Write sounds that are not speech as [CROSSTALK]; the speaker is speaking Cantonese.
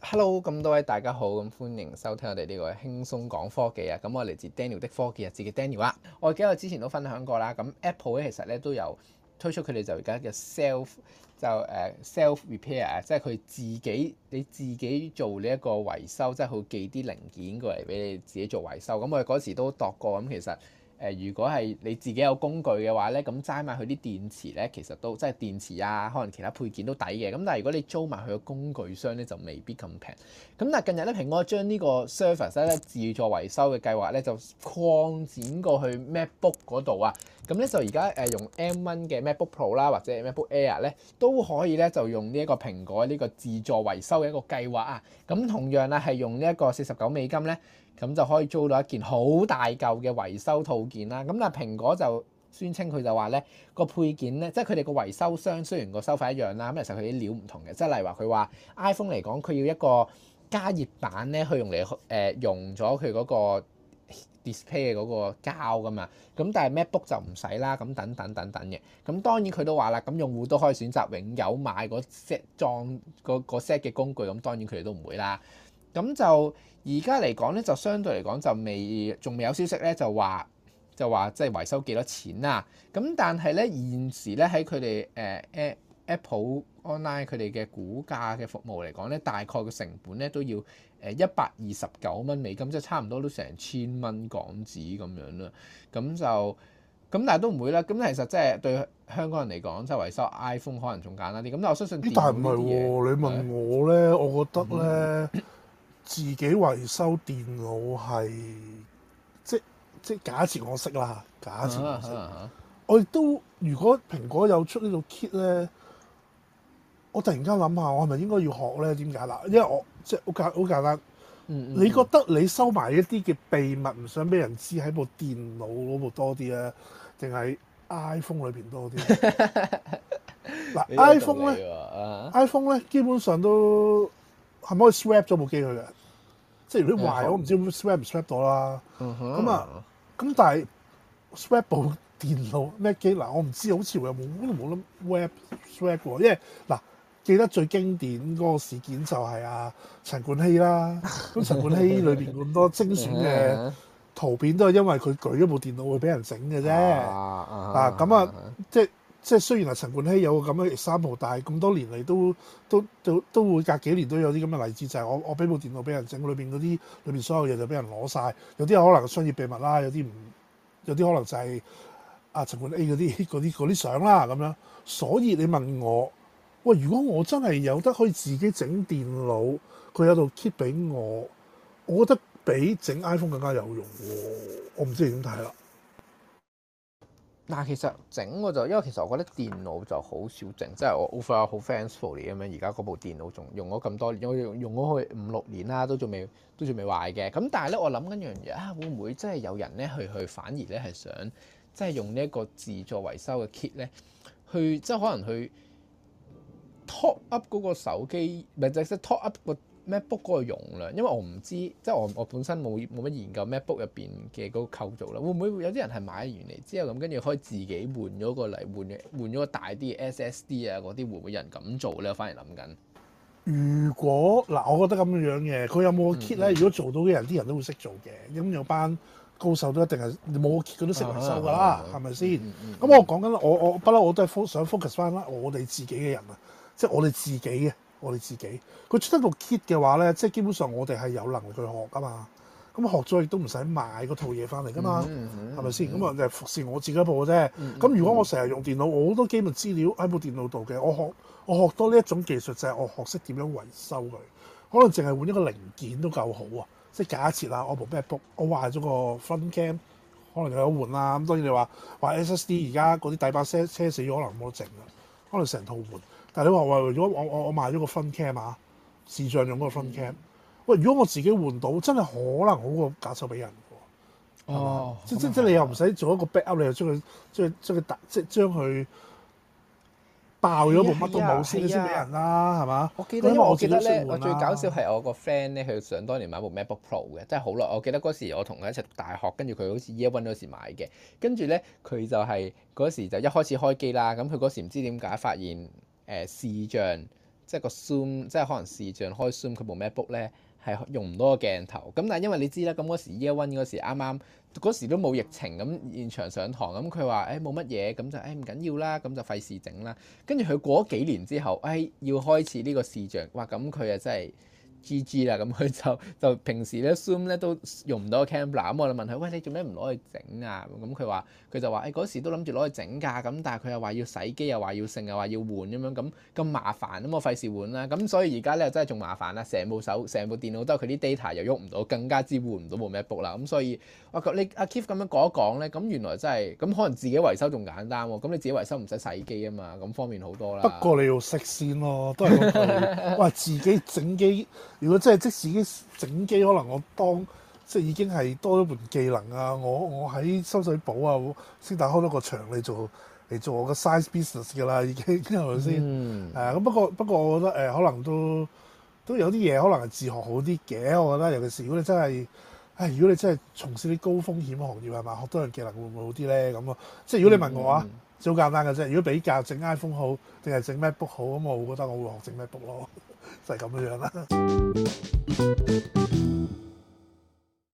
Hello，咁多位大家好，咁歡迎收聽我哋呢個輕鬆講科技啊。咁我嚟自 Daniel 的科技日志嘅 Daniel 啊。我記得我之前都分享過啦。咁 Apple 咧其實咧都有推出佢哋就而家嘅 self 就誒 self repair，即係佢自己你自己做呢一個維修，即係佢寄啲零件過嚟俾你自己做維修。咁我哋嗰時都度過咁其實。誒、呃，如果係你自己有工具嘅話咧，咁齋買佢啲電池咧，其實都即係電池啊，可能其他配件都抵嘅。咁但係如果你租埋佢個工具箱咧，就未必咁平。咁但係近日咧，蘋果將呢個 service 咧自助維修嘅計劃咧就擴展過去 MacBook 嗰度啊。咁、嗯、咧就而家誒用 M1 嘅 MacBook Pro 啦，或者 MacBook Air 咧，都可以咧就用呢一個蘋果呢個自助維修嘅一個計劃啊。咁同樣啊，係用呢一個四十九美金咧。咁就可以租到一件好大嚿嘅維修套件啦。咁但係蘋果就宣稱佢就話咧，個配件咧，即係佢哋個維修商雖然個收費一樣啦，咁其實佢啲料唔同嘅。即係，例如話佢話 iPhone 嚟講，佢要一個加熱板咧，去用嚟誒用咗佢嗰個 display 嘅嗰個膠噶嘛。咁但係 MacBook 就唔使啦。咁等等等等嘅。咁當然佢都話啦，咁用戶都可以選擇永久買個 set 裝個個 set 嘅工具。咁當然佢哋都唔會啦。咁就而家嚟講咧，就相對嚟講就未仲未有消息咧，就話就話即係維修幾多錢啊？咁但係咧，現時咧，喺佢哋誒 Apple Online 佢哋嘅股價嘅服務嚟講咧，大概嘅成本咧都要誒一百二十九蚊美金，即係差唔多都成千蚊港紙咁樣啦。咁就咁但係都唔會啦。咁其實即係對香港人嚟講，即係維修 iPhone 可能仲簡單啲。咁但我相信，但係唔係喎？你問我咧，我覺得咧。 [COUGHS] 自己維修電腦係即即假設我識啦，假設我識， [MUSIC] 我亦都如果蘋果有出呢個 kit 咧，我突然間諗下，我係咪應該要學咧？點解？嗱，因為我即好簡好簡單， [MUSIC] 你覺得你收埋一啲嘅秘密唔想俾人知，喺部電腦嗰部多啲咧，定係 iPhone 裏邊多啲？嗱 iPhone 咧，iPhone 咧，基本上都係咪可以 swap 咗部機去嘅。即係如果壞，我唔知 s w a p 唔 s w a p 到啦。咁啊，咁但係 s w a p 部電腦咩機？嗱，我唔知，好似我又冇冇諗 swap s w a p 過。因為嗱，記得最經典嗰個事件就係啊，陳冠希啦。咁 [LAUGHS] 陳冠希裏邊咁多精選嘅圖片，都係因為佢舉咗部電腦會俾人整嘅啫。嗱，咁啊，即、啊、係。即係雖然話陳冠希有個咁嘅三號，但係咁多年嚟都都都都會隔幾年都有啲咁嘅例子，就係、是、我我俾部電腦俾人整，裏邊嗰啲裏邊所有嘢就俾人攞晒。有啲可能商業秘密啦，有啲唔有啲可能就係阿、啊、陳冠希嗰啲啲啲相啦咁樣。所以你問我，喂，如果我真係有得可以自己整電腦，佢有度 keep 俾我，我覺得比整 iPhone 更加有用喎。我唔知你點睇啦。但係其實整我就，因為其實我覺得電腦就好少整，即係我 offer 好 fans for 你咁樣，而家部電腦仲用咗咁多年，我用用咗去五六年啦，都仲未都仲未壞嘅。咁但係咧，我諗緊樣嘢啊，會唔會真係有人咧去去反而咧係想即係用呢一個自助維修嘅 kit 咧，去即係可能去 top up 嗰個手機，唔係就係 top up、那個。MacBook 嗰個容量，因為我唔知，即係我我本身冇冇乜研究 MacBook 入邊嘅嗰個構造啦。會唔會有啲人係買完嚟之後咁，跟住可以自己換咗個嚟換嘅，換咗個大啲 SSD 啊嗰啲，會唔會有人咁做咧？我反而諗緊。如果嗱，我覺得咁樣嘅，佢有冇個 kit 咧？如果做到嘅人，啲人都會識做嘅。咁有班高手都一定係冇個 kit 佢都識維修噶啦，係咪先？咁我講緊我我不嬲，我都係想 focus 翻啦，我哋自己嘅人啊，即係我哋自己嘅。我哋自己，佢出得部 kit 嘅話咧，即係基本上我哋係有能力去學噶嘛。咁、嗯嗯嗯、學咗亦都唔使買嗰套嘢翻嚟噶嘛，係咪先？咁就服侍我自己一部嘅啫。咁如果我成日用電腦，我好多基本資料喺部電腦度嘅。我學我學多呢一種技術就係、是、我學識點樣維修佢。可能淨係換一個零件都夠好啊。即係假設啊，我部 MacBook 我壞咗個 front cam，可能又有換啦。咁當然你話話 SSD，而家嗰啲底板車車死咗，可能冇得整啦，可能成套換。但係你話話，如果我我我買咗個分 cam 啊，視像用嗰個分 cam，喂，如果我自己換到，真係可能好過假手俾人喎。哦，吧即哦即即你又唔使做一個 backup，、嗯、你又將佢、嗯、將將佢打即將佢爆咗部乜都冇先先俾人啦，係嘛、啊？吧我記得，因為，因為我記得咧，啊、我最搞笑係我個 friend 咧，佢想當年買部 MacBook Pro 嘅，即係好耐。我記得嗰時我同佢一齊讀大學，跟住佢好似 Year One 嗰時買嘅。跟住咧，佢就係、是、嗰、就是、時就一開始開機啦。咁佢嗰時唔知點解發現。誒、呃、視像即係個 Zoom，即係可能視像開 Zoom，佢部 MacBook 咧係用唔到個鏡頭。咁但係因為你知啦，咁嗰時 Year One 嗰時啱啱嗰時都冇疫情，咁現場上堂咁，佢話誒冇乜嘢，咁、哎、就誒唔緊要啦，咁就費事整啦。跟住佢過咗幾年之後，誒、哎、要開始呢個視像，哇！咁佢啊真係～G.G. 啦，咁佢就就平時咧 Zoom 咧都用唔到個 camera 咁我就問佢：喂，你做咩唔攞去整啊？咁佢話佢就話誒嗰時都諗住攞去整㗎、啊，咁但係佢又話要洗機又要，又話要剩，又話要換咁樣，咁咁麻煩，咁我費事換啦、啊。咁所以而家咧又真係仲麻煩啦、啊，成部手成部電腦都佢啲 data 又喐唔到，更加之換唔到部 MacBook 啦。咁所以我覺你阿 Keith 咁樣講一講咧，咁原來真係咁可能自己維修仲簡單喎、啊。咁你自己維修唔使洗機啊嘛，咁方便好多啦。不過你要識先咯，都係。喂，自己整機。如果真係即使自己整機，可能我當即係已經係多咗門技能啊！我我喺深水埗啊，先打開多個場嚟做嚟做我個 size business 㗎啦，已經係咪先？誒咁、嗯啊、不過不過我、呃，我覺得誒可能都都有啲嘢可能係自學好啲嘅。我覺得尤其是如果你真係誒、哎，如果你真係從事啲高風險行業係咪？學多樣技能會唔會好啲咧？咁啊，即係如果你問我、嗯、啊，就好簡單嘅啫。如果比較整 iPhone 好定係整 MacBook 好咁，我會覺得我會學整 MacBook 咯。就係咁樣啦。